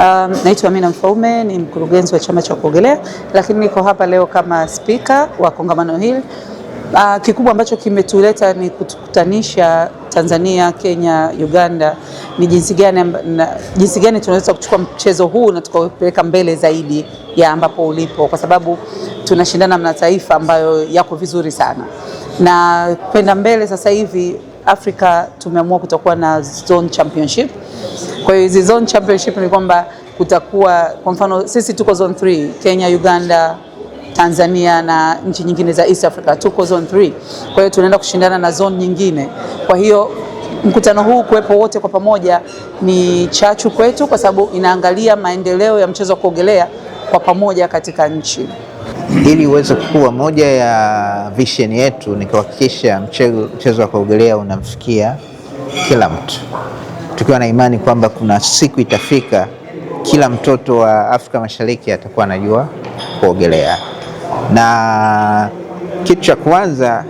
Um, naitwa Amina Mfaume ni mkurugenzi wa chama cha kuogelea, lakini niko hapa leo kama spika wa kongamano hili. Uh, kikubwa ambacho kimetuleta ni kutukutanisha Tanzania, Kenya, Uganda ni jinsi gani, jinsi gani tunaweza kuchukua mchezo huu na tukaupeleka mbele zaidi ya ambapo ulipo, kwa sababu tunashindana na mataifa ambayo yako vizuri sana na kwenda mbele. Sasa hivi Afrika tumeamua kutokuwa na zone championship kwa hiyo hizi zone championship ni kwamba kutakuwa kwa mfano sisi tuko zone 3 Kenya, Uganda, Tanzania na nchi nyingine za East Africa tuko zone 3. Kwa hiyo tunaenda kushindana na zone nyingine. Kwa hiyo mkutano huu kuwepo wote kwa pamoja ni chachu kwetu, kwa sababu inaangalia maendeleo ya mchezo wa kuogelea kwa pamoja katika nchi. Ili uweze kuwa moja ya vision yetu ni kuhakikisha mchezo wa kuogelea unamfikia kila mtu tukiwa na imani kwamba kuna siku itafika kila mtoto wa Afrika Mashariki atakuwa anajua kuogelea. Na kitu cha kwanza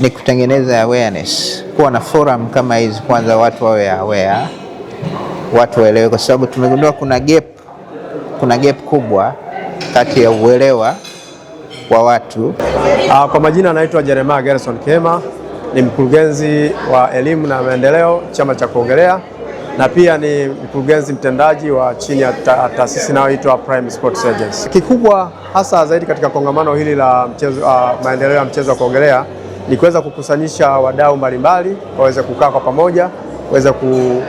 ni kutengeneza awareness, kuwa na forum kama hizi. Kwanza watu wawe aware, watu waelewe, kwa sababu tumegundua kuna gap, kuna gap kubwa kati ya uelewa wa watu. Ah, kwa majina anaitwa Jeremiah Gerson Kema ni mkurugenzi wa elimu na maendeleo chama cha kuogelea na pia ni mkurugenzi mtendaji wa chini ya ta, taasisi inayoitwa Prime Sports Agency. Kikubwa hasa zaidi katika kongamano hili la mchezo, uh, maendeleo ya mchezo wa kuogelea ni kuweza kukusanyisha wadau mbalimbali waweze kukaa kwa pamoja kuweza ku,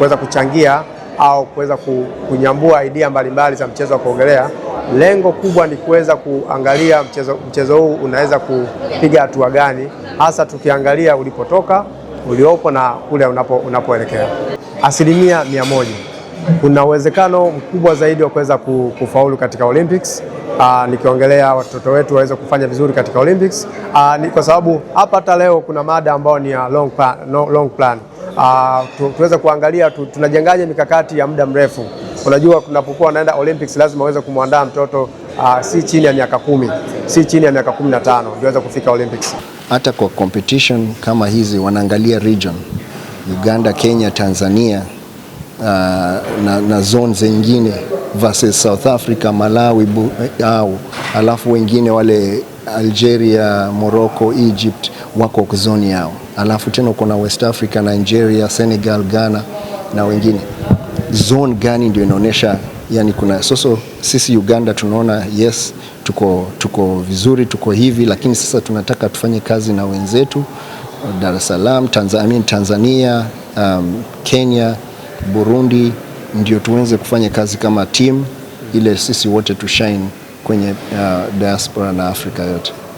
ku, kuchangia au kuweza ku, kunyambua idea mbalimbali za mchezo wa kuogelea Lengo kubwa ni kuweza kuangalia mchezo, mchezo huu unaweza kupiga hatua gani, hasa tukiangalia ulipotoka, uliopo na kule unapo, unapoelekea. Asilimia mia moja kuna uwezekano mkubwa zaidi wa kuweza kufaulu katika Olympics. Ah, nikiongelea watoto wetu waweze kufanya vizuri katika Olympics a, ah, ni kwa sababu hapa hata leo kuna mada ambayo ni ya long plan, no, long plan. Ah, tu, tuweze kuangalia tu, tunajengaje mikakati ya muda mrefu. Unajua, tunapokuwa naenda Olympics lazima uweze kumwandaa mtoto a, si chini ya miaka kumi, si chini ya miaka kumi na tano ndio aweze kufika Olympics. Hata kwa competition kama hizi wanaangalia region Uganda, Kenya, Tanzania aa, na, na zone zingine versus South Africa, Malawi eh, au alafu wengine wale Algeria, Morocco, Egypt wako zoni yao, alafu tena kuna West Africa, Nigeria, Senegal, Ghana na wengine. Zone gani ndio inaonyesha yani kuna soso. Sisi Uganda tunaona yes, tuko, tuko vizuri tuko hivi, lakini sasa tunataka tufanye kazi na wenzetu Dar es Salaam, Tanzania, um, Kenya, Burundi ndio tuweze kufanya kazi kama timu ile sisi wote tushine kwenye uh, diaspora na Afrika yote.